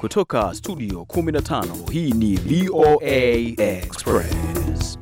Kutoka studio 15 hii ni VOA Express.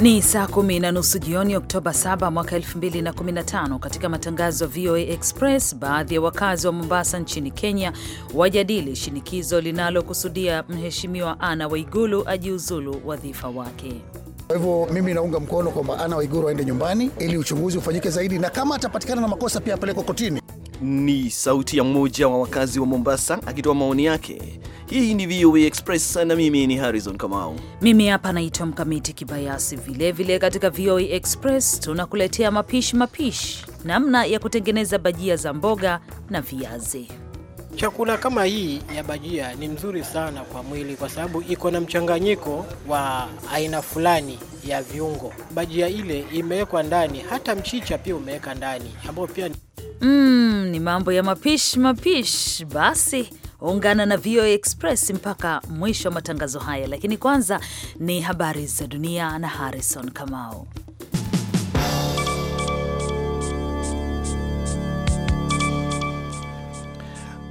Ni saa kumi na nusu jioni Oktoba 7 mwaka 2015. Katika matangazo ya VOA Express, baadhi ya wakazi wa Mombasa nchini Kenya wajadili shinikizo linalokusudia mheshimiwa ana Waigulu ajiuzulu wadhifa wake. Kwa hivyo mimi naunga mkono kwamba ana Waiguru aende nyumbani ili uchunguzi ufanyike zaidi, na kama atapatikana na makosa pia apelekwe kotini. Ni sauti ya mmoja wa wakazi wa Mombasa akitoa maoni yake. Hii ni VOA Express na mimi ni Harrison Kamau. Mimi hapa naitwa Mkamiti Kibayasi. Vilevile katika VOA Express tunakuletea mapishi mapishi, namna ya kutengeneza bajia za mboga na viazi. Chakula kama hii ya bajia ni mzuri sana kwa mwili kwa sababu iko na mchanganyiko wa aina fulani ya viungo. Bajia ile imewekwa ndani, hata mchicha pia umeweka ndani ambayo pia mm, ni mambo ya mapishi mapishi. Basi ungana na VOA Express mpaka mwisho wa matangazo haya, lakini kwanza ni habari za dunia na Harrison Kamau.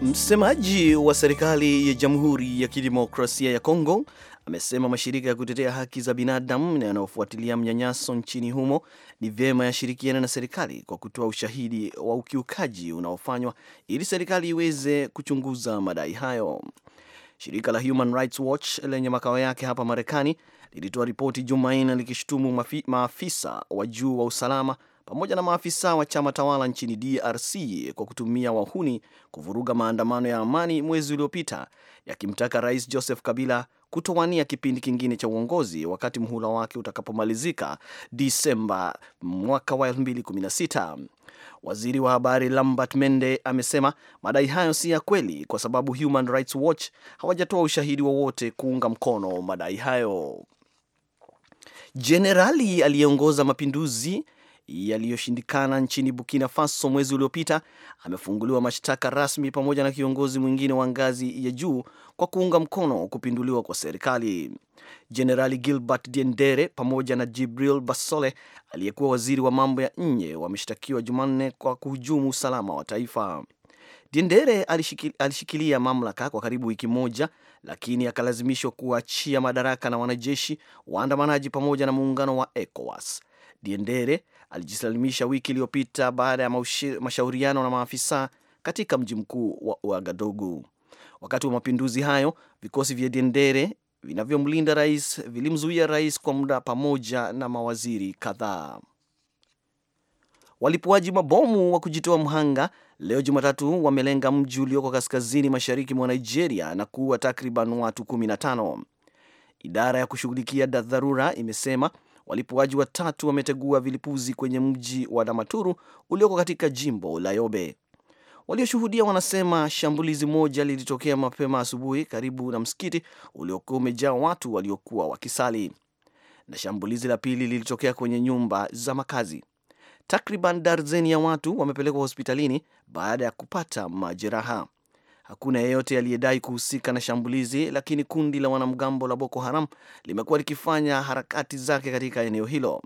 Msemaji wa serikali ya Jamhuri ya Kidemokrasia ya Kongo amesema mashirika ya kutetea haki za binadamu na yanayofuatilia mnyanyaso nchini humo ni vyema yashirikiane na serikali kwa kutoa ushahidi wa ukiukaji unaofanywa ili serikali iweze kuchunguza madai hayo. Shirika la Human Rights Watch lenye makao yake hapa Marekani lilitoa ripoti Jumanne likishutumu maafisa wa juu wa usalama pamoja na maafisa wa chama tawala nchini DRC kwa kutumia wahuni kuvuruga maandamano ya amani mwezi uliopita yakimtaka Rais Joseph Kabila kutowania kipindi kingine cha uongozi wakati mhula wake utakapomalizika Disemba mwaka wa 2016. Waziri wa habari Lambert Mende amesema madai hayo si ya kweli kwa sababu Human Rights Watch hawajatoa ushahidi wowote kuunga mkono madai hayo. Jenerali aliyeongoza mapinduzi yaliyoshindikana nchini Burkina Faso mwezi uliopita, amefunguliwa mashtaka rasmi pamoja na kiongozi mwingine wa ngazi ya juu kwa kuunga mkono kupinduliwa kwa serikali. Jenerali Gilbert Diendere pamoja na Jibril Basole aliyekuwa waziri wa mambo ya nje wameshtakiwa Jumanne kwa kuhujumu usalama wa taifa. Diendere alishikilia mamlaka kwa karibu wiki moja, lakini akalazimishwa kuachia madaraka na wanajeshi waandamanaji pamoja na muungano wa ECOWAS. Diendere alijisalimisha wiki iliyopita baada ya mashauriano na maafisa katika mji mkuu wa Uagadogu. Wakati wa mapinduzi hayo, vikosi vya dendere vinavyomlinda rais vilimzuia rais kwa muda pamoja na mawaziri kadhaa. Walipuaji mabomu wa kujitoa mhanga leo Jumatatu wamelenga mji ulioko kaskazini mashariki mwa Nigeria na kuua takriban watu 15. Idara ya kushughulikia dharura imesema walipuaji watatu wametegua vilipuzi kwenye mji wa Damaturu ulioko katika jimbo la Yobe. Walioshuhudia wanasema shambulizi moja lilitokea mapema asubuhi karibu na msikiti uliokuwa umejaa watu waliokuwa wakisali, na shambulizi la pili lilitokea kwenye nyumba za makazi. Takriban darzeni ya watu wamepelekwa hospitalini baada ya kupata majeraha. Hakuna yeyote aliyedai kuhusika na shambulizi, lakini kundi la wanamgambo la Boko Haram limekuwa likifanya harakati zake katika eneo hilo.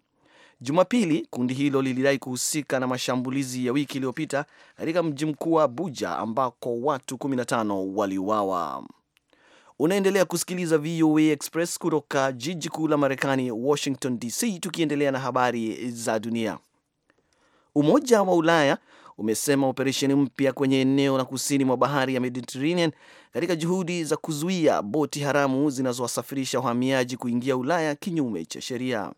Jumapili, kundi hilo lilidai kuhusika na mashambulizi ya wiki iliyopita katika mji mkuu wa Abuja ambako watu 15 waliuawa. Unaendelea kusikiliza VOA Express kutoka jiji kuu la Marekani, Washington DC, tukiendelea na habari za dunia. Umoja wa Ulaya umesema operesheni mpya kwenye eneo la kusini mwa bahari ya Mediterranean katika juhudi za kuzuia boti haramu zinazowasafirisha wahamiaji kuingia Ulaya kinyume cha sheria.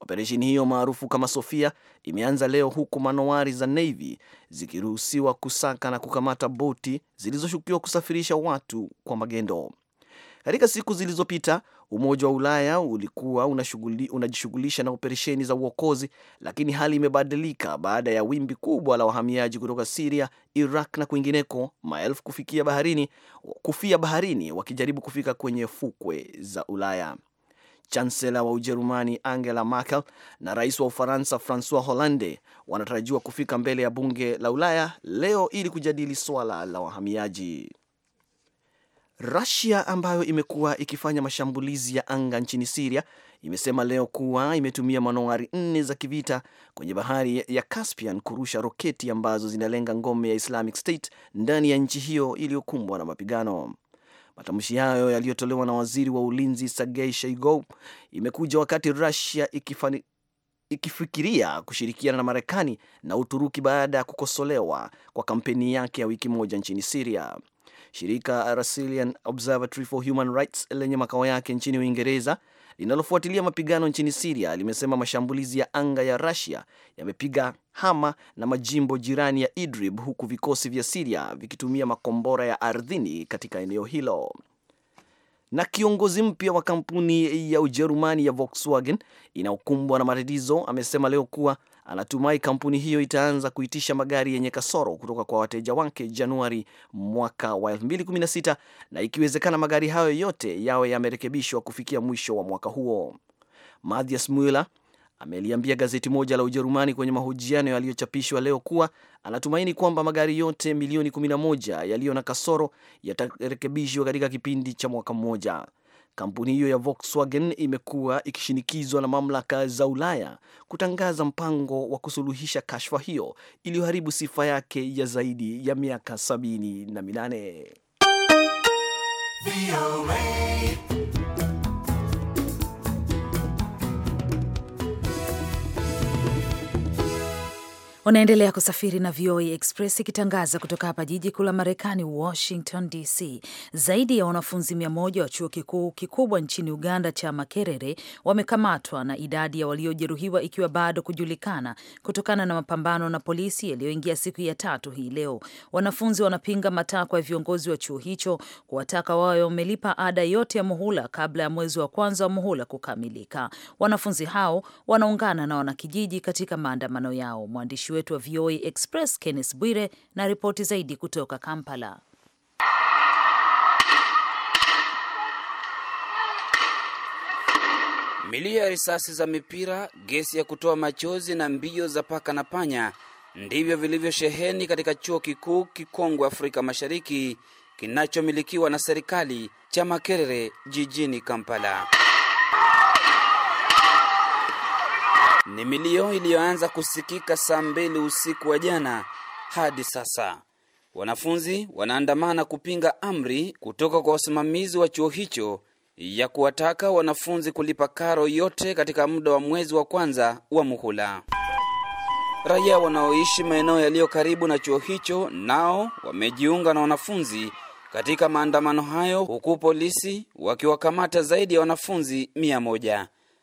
Operesheni hiyo maarufu kama Sofia imeanza leo huku manowari za Navy zikiruhusiwa kusaka na kukamata boti zilizoshukiwa kusafirisha watu kwa magendo. Katika siku zilizopita Umoja wa Ulaya ulikuwa unajishughulisha na operesheni za uokozi, lakini hali imebadilika baada ya wimbi kubwa la wahamiaji kutoka Siria, Iraq na kwingineko, maelfu kufikia baharini, kufia baharini wakijaribu kufika kwenye fukwe za Ulaya. Chansela wa Ujerumani Angela Merkel na rais wa Ufaransa Francois Hollande wanatarajiwa kufika mbele ya bunge la Ulaya leo ili kujadili swala la wahamiaji rasia ambayo imekuwa ikifanya mashambulizi ya anga nchini siria imesema leo kuwa imetumia manowari nne za kivita kwenye bahari ya Caspian kurusha roketi ambazo zinalenga ngome ya Islamic State ndani ya nchi hiyo iliyokumbwa na mapigano. Matamshi hayo yaliyotolewa na waziri wa ulinzi Sergei Shoigu imekuja wakati rasia ikifani ikifikiria kushirikiana na Marekani na Uturuki baada ya kukosolewa kwa kampeni yake ya wiki moja nchini Siria. Shirika Rasilian Observatory for Human Rights lenye makao yake nchini Uingereza linalofuatilia mapigano nchini Siria limesema mashambulizi ya anga ya Russia yamepiga Hama na majimbo jirani ya Idlib huku vikosi vya Siria vikitumia makombora ya ardhini katika eneo hilo. Na kiongozi mpya wa kampuni ya Ujerumani ya Volkswagen inayokumbwa na matatizo amesema leo kuwa Anatumai kampuni hiyo itaanza kuitisha magari yenye kasoro kutoka kwa wateja wake Januari mwaka wa 2016 na ikiwezekana magari hayo yote yawe yamerekebishwa kufikia mwisho wa mwaka huo. Mathias Mueller ameliambia gazeti moja la Ujerumani kwenye mahojiano yaliyochapishwa leo kuwa anatumaini kwamba magari yote milioni 11 yaliyo na kasoro yatarekebishwa katika kipindi cha mwaka mmoja. Kampuni hiyo ya Volkswagen imekuwa ikishinikizwa na mamlaka za Ulaya kutangaza mpango wa kusuluhisha kashfa hiyo iliyoharibu sifa yake ya zaidi ya miaka sabini na minane. Unaendelea kusafiri na VOA e Express ikitangaza kutoka hapa jiji kuu la Marekani, Washington DC. Zaidi ya wanafunzi mia moja wa chuo kikuu kikubwa nchini Uganda cha Makerere wamekamatwa na idadi ya waliojeruhiwa ikiwa bado kujulikana kutokana na mapambano na polisi yaliyoingia siku ya tatu hii leo. Wanafunzi wanapinga matakwa ya viongozi wa chuo hicho kuwataka wawe wamelipa ada yote ya muhula kabla ya mwezi wa kwanza wa muhula kukamilika. Wanafunzi hao wanaungana na wanakijiji katika maandamano yao. Mwandishi wetu wa VOA Express Kenneth Bwire na ripoti zaidi kutoka Kampala. Milio ya risasi za mipira, gesi ya kutoa machozi na mbio za paka na panya ndivyo vilivyosheheni katika chuo kikuu kikongwe Afrika Mashariki kinachomilikiwa na serikali cha Makerere jijini Kampala. ni milio iliyoanza kusikika saa mbili usiku wa jana hadi sasa. Wanafunzi wanaandamana kupinga amri kutoka kwa wasimamizi wa chuo hicho ya kuwataka wanafunzi kulipa karo yote katika muda wa mwezi wa kwanza wa muhula. Raia wanaoishi maeneo yaliyo karibu na chuo hicho nao wamejiunga na wanafunzi katika maandamano hayo, huku polisi wakiwakamata zaidi ya wanafunzi mia moja.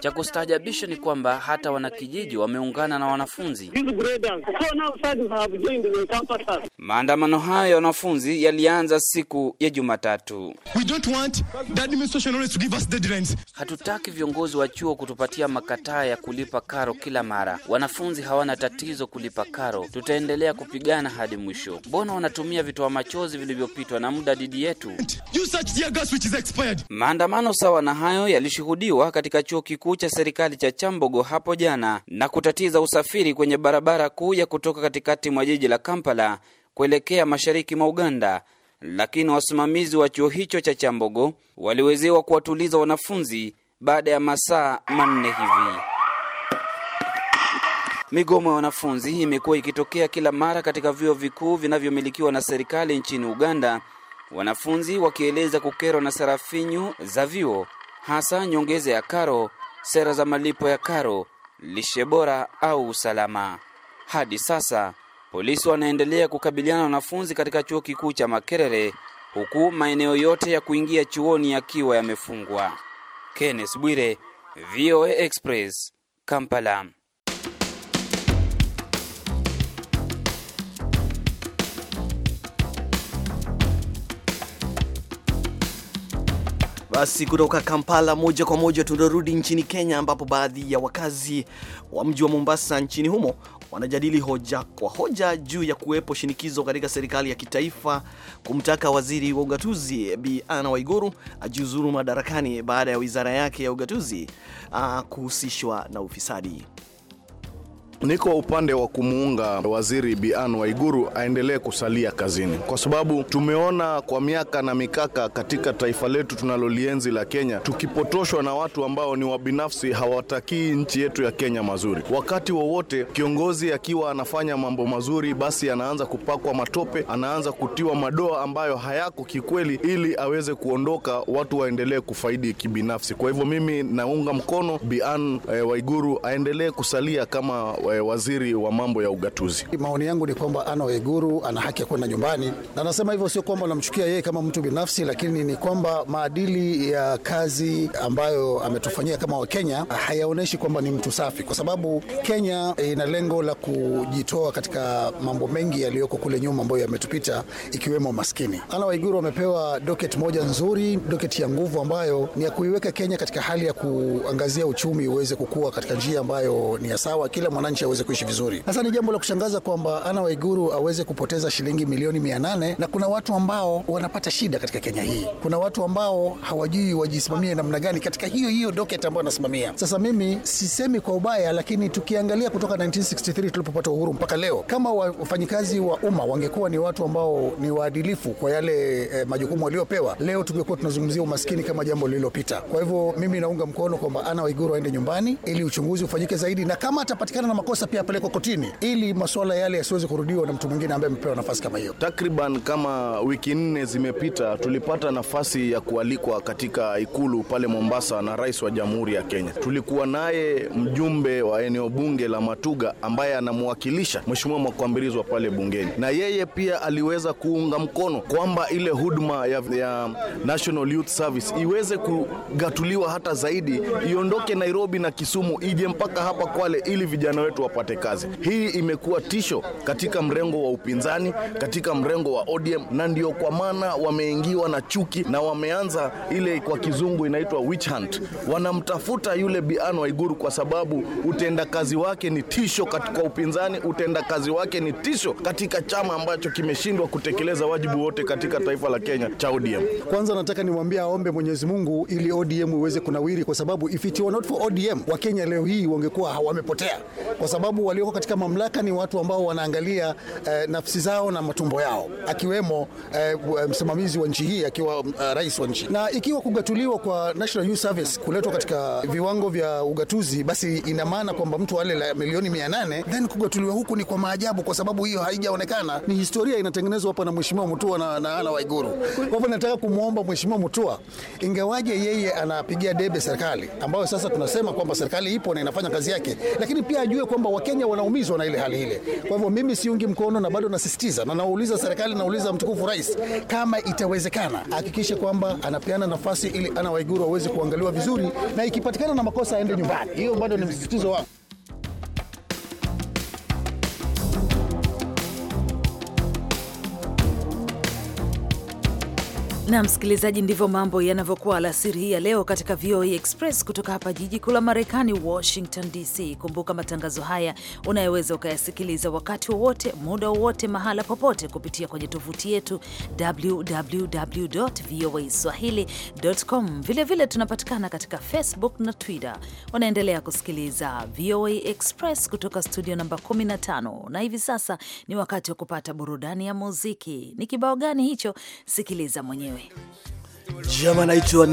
Cha kustaajabisha ni kwamba hata wanakijiji wameungana na wanafunzi. Maandamano hayo ya wanafunzi yalianza siku ya Jumatatu. Hatutaki viongozi wa chuo kutupatia makataa ya kulipa karo kila mara. Wanafunzi hawana tatizo kulipa karo, tutaendelea kupigana hadi mwisho. Mbona wanatumia vitoa machozi vilivyopitwa na muda dhidi yetu? Maandamano sawa na hayo yalishuhudiwa katika chuo kikuu kikuu cha serikali cha Chambogo hapo jana na kutatiza usafiri kwenye barabara kuu ya kutoka katikati mwa jiji la Kampala kuelekea mashariki mwa Uganda, lakini wasimamizi wa chuo hicho cha Chambogo waliwezewa kuwatuliza wanafunzi baada ya masaa manne hivi. Migomo ya wanafunzi imekuwa ikitokea kila mara katika vyuo vikuu vinavyomilikiwa na serikali nchini Uganda, wanafunzi wakieleza kukerwa na sarafinyu za vyuo, hasa nyongeza ya karo sera za malipo ya karo, lishe bora au usalama. Hadi sasa polisi wanaendelea kukabiliana na wanafunzi katika chuo kikuu cha Makerere, huku maeneo yote ya kuingia chuoni yakiwa yamefungwa. Kenneth Bwire, VOA Express, Kampala. Basi kutoka Kampala moja kwa moja tunarudi nchini Kenya, ambapo baadhi ya wakazi wa mji wa Mombasa nchini humo wanajadili hoja kwa hoja juu ya kuwepo shinikizo katika serikali ya kitaifa kumtaka waziri wa ugatuzi Bi Ana Waiguru ajiuzuru madarakani baada ya wizara yake ya ugatuzi ah, kuhusishwa na ufisadi. Niko upande wa kumuunga waziri bian Waiguru aendelee kusalia kazini, kwa sababu tumeona kwa miaka na mikaka katika taifa letu tunalolienzi la Kenya, tukipotoshwa na watu ambao ni wabinafsi, hawatakii nchi yetu ya Kenya mazuri. Wakati wowote kiongozi akiwa anafanya mambo mazuri, basi anaanza kupakwa matope, anaanza kutiwa madoa ambayo hayako kikweli, ili aweze kuondoka, watu waendelee kufaidi kibinafsi. Kwa hivyo mimi naunga mkono bian Anne eh, Waiguru aendelee kusalia kama eh, e, waziri wa mambo ya ugatuzi. Maoni yangu ni kwamba ana Waiguru ana haki ya kwenda nyumbani, na nasema hivyo sio kwamba namchukia yeye kama mtu binafsi, lakini ni kwamba maadili ya kazi ambayo ametufanyia kama Wakenya hayaonyeshi kwamba ni mtu safi, kwa sababu Kenya ina lengo la kujitoa katika mambo mengi yaliyoko kule nyuma ambayo yametupita, ikiwemo maskini. Ana Waiguru amepewa docket moja nzuri, docket ya nguvu ambayo ni ya kuiweka Kenya katika hali ya kuangazia uchumi uweze kukua katika njia ambayo ni ya sawa, kila mwananchi maisha yaweze kuishi vizuri. Sasa ni jambo la kushangaza kwamba ana Waiguru aweze kupoteza shilingi milioni mia nane na kuna watu ambao wanapata shida katika Kenya hii. Kuna watu ambao hawajui wajisimamie namna gani katika hiyo hiyo docket ambayo anasimamia. Sasa mimi sisemi kwa ubaya, lakini tukiangalia kutoka 1963 tulipopata uhuru mpaka leo, kama wafanyikazi wa umma wangekuwa ni watu ambao ni waadilifu kwa yale eh, majukumu waliopewa, leo tungekuwa tunazungumzia umaskini kama jambo lililopita. Kwa hivyo mimi naunga mkono kwamba ana Waiguru aende nyumbani ili uchunguzi ufanyike zaidi, na kama atapatikana na makosa pia apelekwe kotini, ili masuala yale yasiweze kurudiwa na mtu mwingine ambaye amepewa nafasi kama hiyo. Takriban kama wiki nne zimepita, tulipata nafasi ya kualikwa katika ikulu pale Mombasa na rais wa jamhuri ya Kenya. Tulikuwa naye mjumbe wa eneo bunge la Matuga ambaye anamwakilisha mheshimiwa Mwakwambirizwa pale bungeni, na yeye pia aliweza kuunga mkono kwamba ile huduma ya, ya National Youth Service iweze kugatuliwa hata zaidi, iondoke Nairobi na Kisumu ije mpaka hapa Kwale ili vijana wetu wetu wapate kazi. Hii imekuwa tisho katika mrengo wa upinzani, katika mrengo wa ODM, na ndio kwa maana wameingiwa na chuki na wameanza ile kwa kizungu inaitwa witch hunt. Wanamtafuta yule Bi Waiguru kwa sababu utendakazi wake ni tisho katika upinzani, utendakazi wake ni tisho katika chama ambacho kimeshindwa kutekeleza wajibu wote katika taifa la Kenya cha ODM. Kwanza nataka niwaambie aombe Mwenyezi Mungu ili ODM iweze kunawiri, kwa sababu if it were not for ODM Wakenya leo hii wangekuwa wamepotea kwa sababu walioko katika mamlaka ni watu ambao wanaangalia eh, nafsi zao na matumbo yao, akiwemo eh, msimamizi wa nchi hii akiwa uh, rais wa nchi. Na ikiwa kugatuliwa kwa National Youth Service kuletwa katika viwango vya ugatuzi, basi ina maana kwamba mtu wale la milioni 800 then kugatuliwa huku ni kwa maajabu, kwa sababu hiyo haijaonekana. Ni historia inatengenezwa hapa na Mheshimiwa Mutua na, na ala Waiguru. Kwa hivyo nataka kumwomba Mheshimiwa Mutua, ingawaje yeye anapigia debe serikali ambayo sasa tunasema kwamba serikali ipo na inafanya kazi yake, lakini pia ajue kwamba Wakenya wanaumizwa na ile hali ile. Kwa hivyo mimi siungi mkono na bado nasisitiza na nauliza serikali, nauliza mtukufu rais, kama itawezekana ahakikishe kwamba anapeana nafasi ili ana Waiguru waweze kuangaliwa vizuri, na ikipatikana na makosa aende nyumbani. Hiyo bado ni msisitizo wangu. na msikilizaji, ndivyo mambo yanavyokuwa alasiri hii ya leo katika VOA e Express kutoka hapa jiji kuu la Marekani, Washington DC. Kumbuka matangazo haya unayoweza ukayasikiliza wakati wowote, muda wowote, mahala popote kupitia kwenye tovuti yetu www voa swahili.com. Vilevile tunapatikana katika Facebook na Twitter. Unaendelea kusikiliza VOA e Express kutoka studio namba 15, na hivi sasa ni wakati wa kupata burudani ya muziki. Ni kibao gani hicho? Sikiliza mwenyewe mwenyewe. Jama naitwa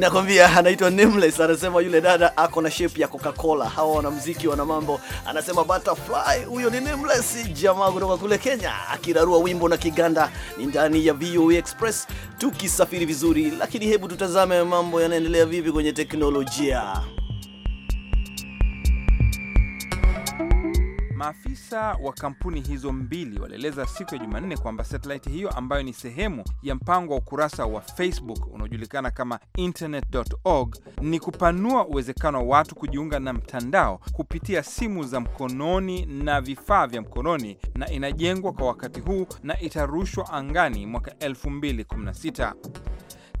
nakwambia, anaitwa Nameless, anasema yule dada ako na shape ya Coca-Cola. Hawa wanamuziki wana mambo, anasema Butterfly, huyo ni Nameless, jamaa kutoka kule Kenya, akirarua wimbo na Kiganda. Ni ndani ya VOA e Express tukisafiri vizuri, lakini hebu tutazame mambo yanaendelea vipi kwenye teknolojia. Maafisa wa kampuni hizo mbili walieleza siku ya Jumanne kwamba satelaiti hiyo ambayo ni sehemu ya mpango wa ukurasa wa Facebook unaojulikana kama internet.org ni kupanua uwezekano wa watu kujiunga na mtandao kupitia simu za mkononi na vifaa vya mkononi, na inajengwa kwa wakati huu na itarushwa angani mwaka 2016.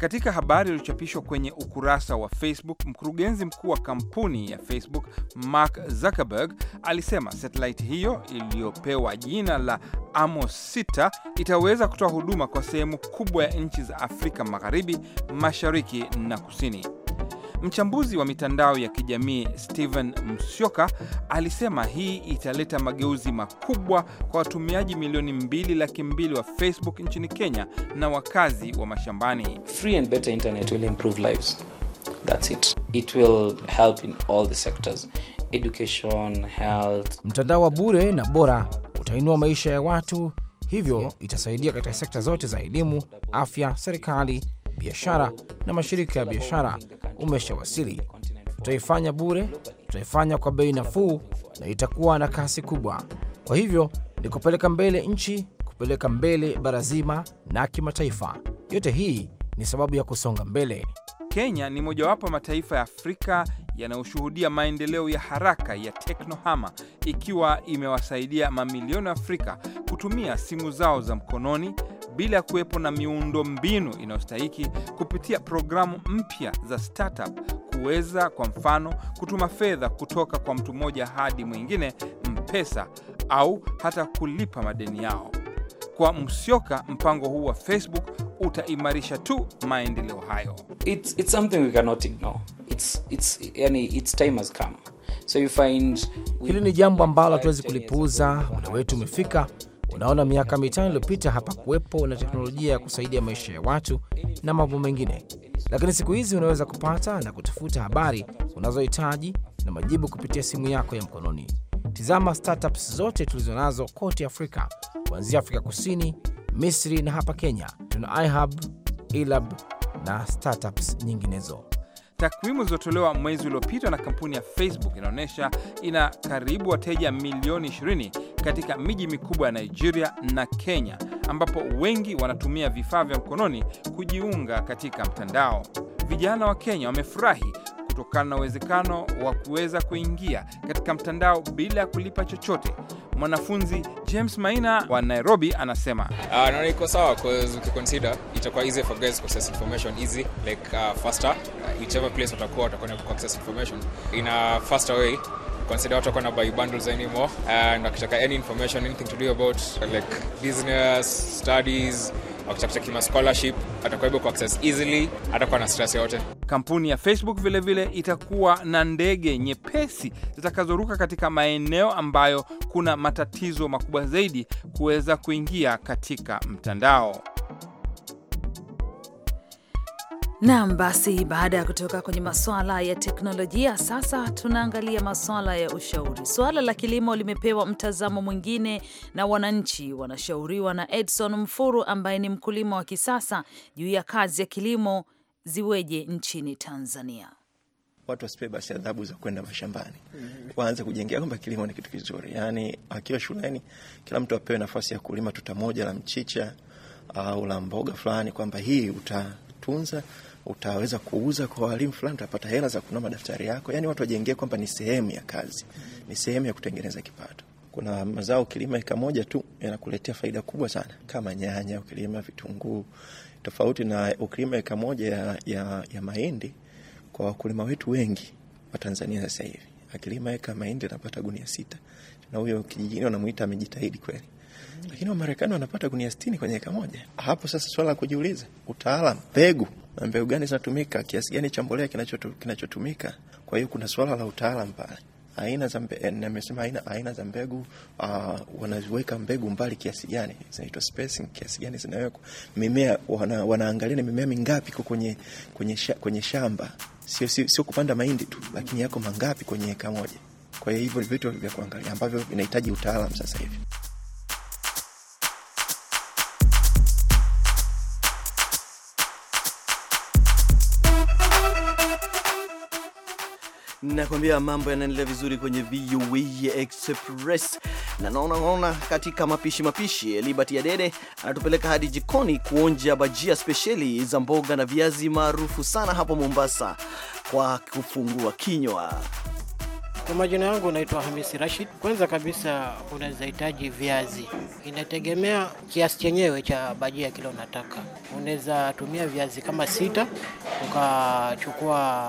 Katika habari iliyochapishwa kwenye ukurasa wa Facebook, mkurugenzi mkuu wa kampuni ya Facebook Mark Zuckerberg alisema satelaiti hiyo iliyopewa jina la Amos 6 itaweza kutoa huduma kwa sehemu kubwa ya nchi za Afrika Magharibi, Mashariki na Kusini. Mchambuzi wa mitandao ya kijamii Steven Msyoka alisema hii italeta mageuzi makubwa kwa watumiaji milioni mbili laki mbili wa Facebook nchini Kenya na wakazi wa mashambani. Free and better internet will improve lives. That's it. It will help in all the sectors. Education, health. Mtandao wa bure na bora utainua maisha ya watu, hivyo itasaidia katika sekta zote za elimu, afya, serikali biashara na mashirika ya biashara umeshawasili. Tutaifanya bure, tutaifanya kwa bei nafuu na itakuwa na kasi kubwa. Kwa hivyo ni kupeleka mbele nchi, kupeleka mbele bara zima na kimataifa. Yote hii ni sababu ya kusonga mbele. Kenya ni mojawapo mataifa ya Afrika yanayoshuhudia maendeleo ya haraka ya teknohama, ikiwa imewasaidia mamilioni Afrika kutumia simu zao za mkononi bila ya kuwepo na miundo mbinu inayostahiki kupitia programu mpya za startup kuweza kwa mfano kutuma fedha kutoka kwa mtu mmoja hadi mwingine Mpesa au hata kulipa madeni yao. Kwa msioka mpango huu wa Facebook utaimarisha tu maendeleo hayo. It's, it's something we cannot ignore. It's, it's, yani, it's time has come. So you find... Hili ni jambo ambalo hatuwezi kulipuuza, muda wetu umefika Unaona, miaka mitano iliyopita hapa kuwepo na teknolojia ya kusaidia maisha ya watu na mambo mengine, lakini siku hizi unaweza kupata na kutafuta habari unazohitaji na majibu kupitia simu yako ya mkononi. Tizama startups zote tulizo nazo kote Afrika, kuanzia Afrika Kusini, Misri na hapa Kenya tuna iHub, iLab na startups nyinginezo. Takwimu zilizotolewa mwezi uliopita na kampuni ya Facebook inaonyesha ina karibu wateja milioni 20 katika miji mikubwa ya Nigeria na Kenya, ambapo wengi wanatumia vifaa vya mkononi kujiunga katika mtandao. Vijana wa Kenya wamefurahi kutokana na uwezekano wa kuweza kuingia katika mtandao bila ya kulipa chochote. Mwanafunzi James Maina wa Nairobi anasema uh, naona iko sawa ukiconsider itakuwa easy for guys to information easy like uh, faster uh, whichever place watakuwa watakwenda ku information in a faster way consider watu buy bundles anymore and wakitaka any information anything to do about like business studies kima scholarship atakuwa able ku easily na stress yote Kampuni ya Facebook vilevile vile itakuwa na ndege nyepesi zitakazoruka katika maeneo ambayo kuna matatizo makubwa zaidi kuweza kuingia katika mtandao. Naam, basi baada ya kutoka kwenye masuala ya teknolojia, sasa tunaangalia masuala ya ushauri. Suala la kilimo limepewa mtazamo mwingine na wananchi. Wanashauriwa na Edson Mfuru ambaye ni mkulima wa kisasa juu ya kazi ya kilimo ziweje nchini Tanzania? Watu wasipewe basi adhabu za kwenda mashambani, waanze kujengea kwamba kilimo ni kitu kizuri. Yaani akiwa shuleni, kila mtu apewe nafasi ya kulima tuta moja la mchicha ah, au la mboga fulani, kwamba hii utatunza, utaweza kuuza kwa walimu fulani, utapata hela za kunua madaftari yako. Yaani watu wajengee kwamba ni sehemu ya kazi, ni sehemu ya kutengeneza kipato. Kuna mazao ukilima eka moja tu yanakuletea faida kubwa sana, kama nyanya, ukilima vitunguu tofauti na ukilima eka moja ya, ya, ya mahindi kwa wakulima wetu wengi wa Tanzania sasa hivi akilima eka mahindi anapata gunia sita, na huyo kijijini wanamuita amejitahidi kweli, lakini Wamarekani wanapata gunia sitini kwenye eka moja. Hapo sasa swala la kujiuliza, utaalam, mbegu na mbegu gani zinatumika, kiasi gani cha mbolea kinachotumika. Kwa hiyo kuna swala la utaalam pale aina za eh, nimesema aina, aina za mbegu uh, wanaziweka mbegu mbali kiasi gani, zinaitwa spacing kiasi gani zinawekwa mimea, wana, wanaangalia na mimea mingapi iko kwenye, kwenye, sha, kwenye shamba, sio, sio, sio kupanda mahindi tu, lakini yako mangapi kwenye eka moja. Kwa hiyo hivyo vitu vya kuangalia ambavyo vinahitaji utaalamu sasa hivi. Nakwambia mambo yanaendelea vizuri kwenye VOA Express, na naona naona katika mapishi mapishi, Liberty ya Dede anatupeleka hadi jikoni kuonja bajia spesheli za mboga na viazi maarufu sana hapo Mombasa kwa kufungua kinywa. Kwa majina yangu naitwa Hamisi Rashid. Kwanza kabisa unaweza hitaji viazi, inategemea kiasi chenyewe cha bajia kile unataka. Unaweza tumia viazi kama sita, ukachukua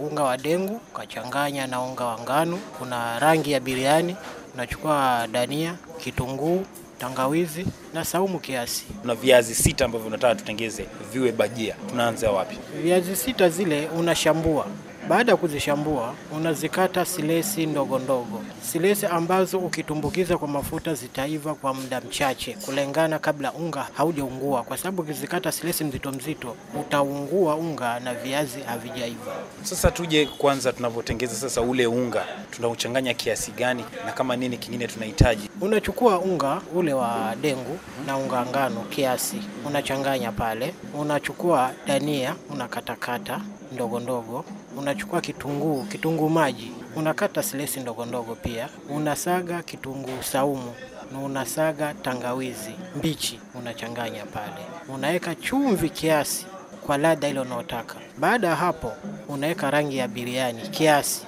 unga wa dengu ukachanganya na unga wa ngano. Kuna rangi ya biriani, unachukua dania, kitunguu tangawizi na saumu kiasi. na viazi sita ambavyo unataka tutengeze viwe bajia, tunaanza wapi? Viazi sita zile unashambua baada ya kuzishambua, unazikata silesi ndogo ndogo, silesi ambazo ukitumbukiza kwa mafuta zitaiva kwa muda mchache kulingana, kabla unga haujaungua, kwa sababu ukizikata silesi mzito mzito utaungua unga na viazi havijaiva. Sasa tuje kwanza, tunavyotengeza sasa ule unga tunauchanganya kiasi gani na kama nini kingine tunahitaji? Unachukua unga ule wa dengu na unga ngano kiasi, unachanganya pale. Unachukua dania unakatakata ndogo ndogo unachukua kitunguu, kitunguu maji unakata silesi ndogondogo, pia unasaga kitunguu saumu na unasaga tangawizi mbichi, unachanganya pale, unaweka chumvi kiasi kwa ladha ile unaotaka. Baada ya hapo, unaweka rangi ya biriani kiasi,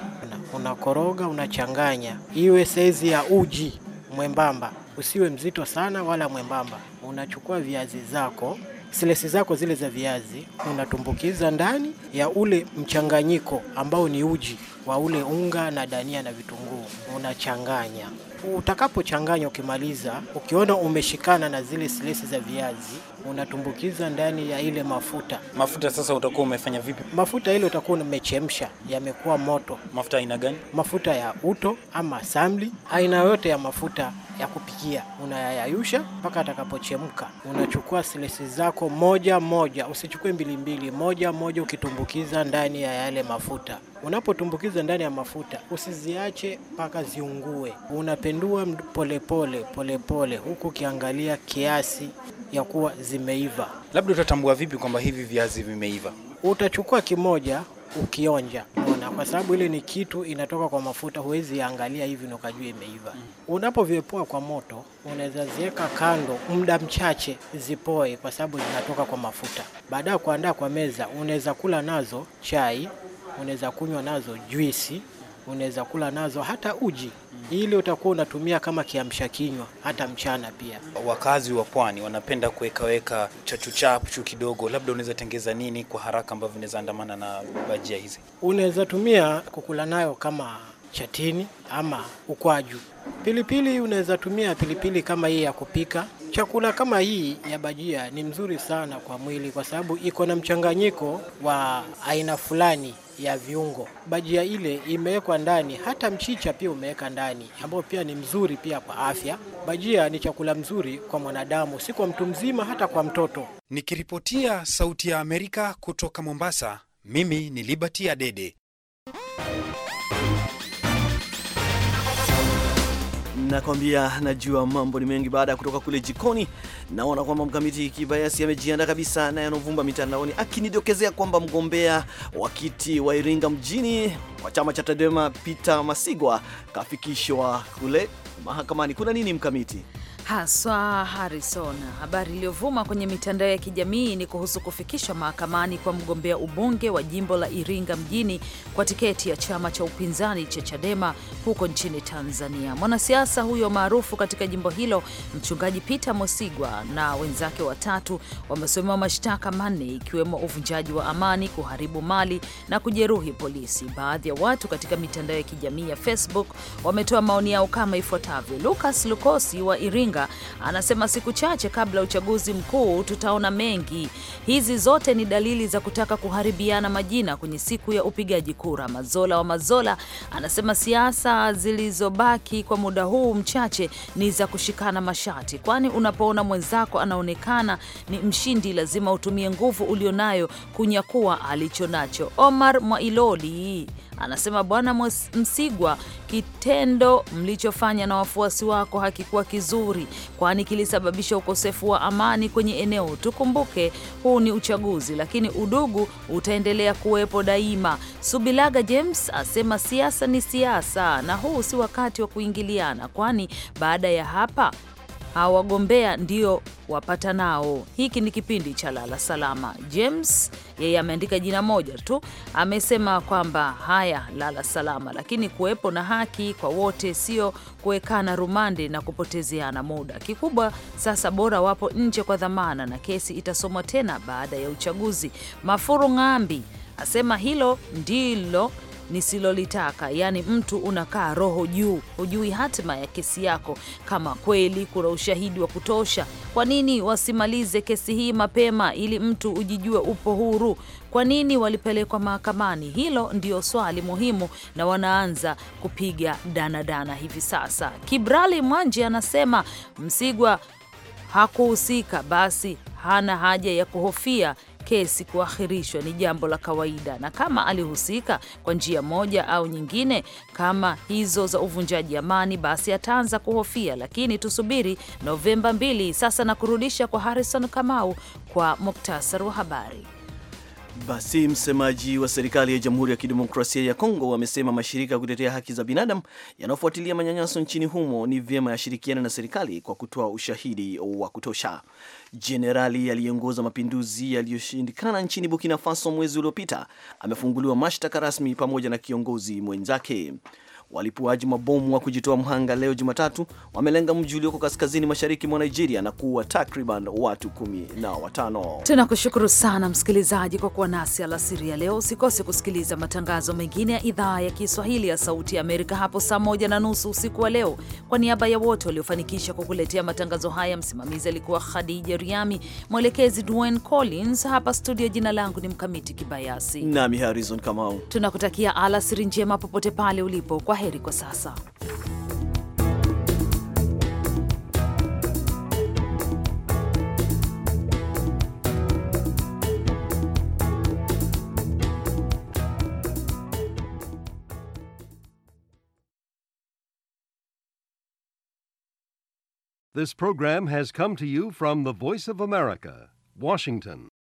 unakoroga, unachanganya iwe saizi ya uji mwembamba, usiwe mzito sana wala mwembamba. Unachukua viazi zako silesi zako zile za viazi unatumbukiza ndani ya ule mchanganyiko ambao ni uji wa ule unga na dania na vitunguu, unachanganya. Utakapochanganya ukimaliza, ukiona umeshikana na zile silesi za viazi unatumbukiza ndani ya ile mafuta. Mafuta sasa utakuwa umefanya vipi? Mafuta ile utakuwa umechemsha, yamekuwa moto. Mafuta aina gani? Mafuta ya uto ama samli, aina yote ya mafuta ya kupikia unayayayusha mpaka atakapochemka. Unachukua slesi zako moja moja, usichukue mbili mbili, moja moja, ukitumbukiza ndani ya yale mafuta. Unapotumbukiza ndani ya mafuta usiziache mpaka ziungue. Unapendua polepole polepole, huku ukiangalia kiasi ya kuwa zimeiva. Labda utatambua vipi kwamba hivi viazi vimeiva? Utachukua kimoja ukionja unaona, kwa sababu ile ni kitu inatoka kwa mafuta, huwezi angalia hivi na ukajua imeiva. Mm. Unapoviepoa kwa moto, unaweza ziweka kando muda mchache zipoe, kwa sababu zinatoka kwa mafuta. Baada ya kuandaa kwa meza, unaweza kula nazo chai, unaweza kunywa nazo juisi, unaweza kula nazo hata uji ili utakuwa unatumia kama kiamsha kinywa hata mchana pia. Wakazi wa pwani wanapenda kuwekaweka chachu chachu kidogo, labda unaweza tengeza nini kwa haraka ambavyo unaweza andamana na bajia hizi? Unaweza tumia kukula nayo kama chatini ama ukwaju. Pilipili unaweza tumia pilipili kama hii ya kupika Chakula kama hii ya bajia ni mzuri sana kwa mwili kwa sababu iko na mchanganyiko wa aina fulani ya viungo. Bajia ile imewekwa ndani, hata mchicha pia umeweka ndani, ambao pia ni mzuri pia kwa afya. Bajia ni chakula mzuri kwa mwanadamu, si kwa mtu mzima, hata kwa mtoto. Nikiripotia Sauti ya Amerika kutoka Mombasa, mimi ni Liberty Adede. nakwambia, najua mambo ni mengi. Baada ya kutoka kule jikoni, naona kwamba mkamiti Kibayasi amejiandaa kabisa na yanovumba mitandaoni, akinidokezea kwamba mgombea wa kiti wa Iringa mjini wa chama cha Tadema Peter Masigwa kafikishwa kule mahakamani. Kuna nini mkamiti? haswa Harrison. Habari iliyovuma kwenye mitandao ya kijamii ni kuhusu kufikishwa mahakamani kwa mgombea ubunge wa jimbo la Iringa mjini kwa tiketi ya chama cha upinzani cha Chadema huko nchini Tanzania. Mwanasiasa huyo maarufu katika jimbo hilo, mchungaji Peter Mosigwa na wenzake watatu wamesomewa mashtaka manne ikiwemo uvunjaji wa amani, kuharibu mali na kujeruhi polisi. Baadhi ya watu katika mitandao ya kijamii ya Facebook wametoa maoni yao kama ifuatavyo. Lucas Lukosi wa Iringa Odinga anasema siku chache kabla uchaguzi mkuu tutaona mengi. Hizi zote ni dalili za kutaka kuharibiana majina kwenye siku ya upigaji kura. Mazola wa Mazola anasema siasa zilizobaki kwa muda huu mchache ni za kushikana mashati, kwani unapoona mwenzako anaonekana ni mshindi, lazima utumie nguvu ulionayo kunyakua alichonacho. Omar Mwailoli Anasema Bwana Msigwa, kitendo mlichofanya na wafuasi wako hakikuwa kizuri, kwani kilisababisha ukosefu wa amani kwenye eneo. Tukumbuke huu ni uchaguzi, lakini udugu utaendelea kuwepo daima. Subilaga James asema siasa ni siasa na huu si wakati wa kuingiliana, kwani baada ya hapa hawa wagombea ndio wapatanao. Hiki ni kipindi cha lala salama. James yeye ameandika jina moja tu, amesema kwamba haya, lala salama, lakini kuwepo na haki kwa wote, sio kuwekana rumande na kupotezeana muda. Kikubwa sasa, bora wapo nje kwa dhamana na kesi itasomwa tena baada ya uchaguzi. Mafuru Ng'ambi asema hilo ndilo nisilolitaka. Yaani mtu unakaa roho juu, hujui hatima ya kesi yako. Kama kweli kuna ushahidi wa kutosha, kwa nini wasimalize kesi hii mapema ili mtu ujijue upo huru? Kwa nini walipelekwa mahakamani? Hilo ndio swali muhimu, na wanaanza kupiga danadana hivi sasa. Kibrali Mwanji anasema Msigwa hakuhusika, basi hana haja ya kuhofia kesi kuahirishwa ni jambo la kawaida, na kama alihusika kwa njia moja au nyingine kama hizo za uvunjaji amani, basi ataanza kuhofia. Lakini tusubiri Novemba mbili. Sasa na kurudisha kwa Harrison Kamau kwa muktasari wa habari. Basi msemaji wa serikali ya Jamhuri ya Kidemokrasia ya Kongo amesema mashirika ya kutetea haki za binadamu yanayofuatilia manyanyaso nchini humo ni vyema yashirikiana na serikali kwa kutoa ushahidi wa kutosha. Jenerali aliyeongoza mapinduzi yaliyoshindikana nchini Burkina Faso mwezi uliopita amefunguliwa mashtaka rasmi pamoja na kiongozi mwenzake. Walipuaji mabomu wa kujitoa mhanga leo Jumatatu wamelenga mji ulioko kaskazini mashariki mwa Nigeria na kuua takriban watu kumi na watano. Tunakushukuru sana msikilizaji kwa kuwa nasi alasiri ya leo. Usikose kusikiliza matangazo mengine ya idhaa ya Kiswahili ya Sauti ya Amerika hapo saa moja na nusu usiku wa leo. Kwa niaba ya wote waliofanikisha kukuletea matangazo haya, msimamizi alikuwa Khadija Riami, mwelekezi Dwayne Collins. Hapa studio, jina langu ni Mkamiti Kibayasi nami Harrison Kamau. Tunakutakia alasiri njema popote pale ulipo kwa kwaheri kwa sasa. This program has come to you from the Voice of America, Washington.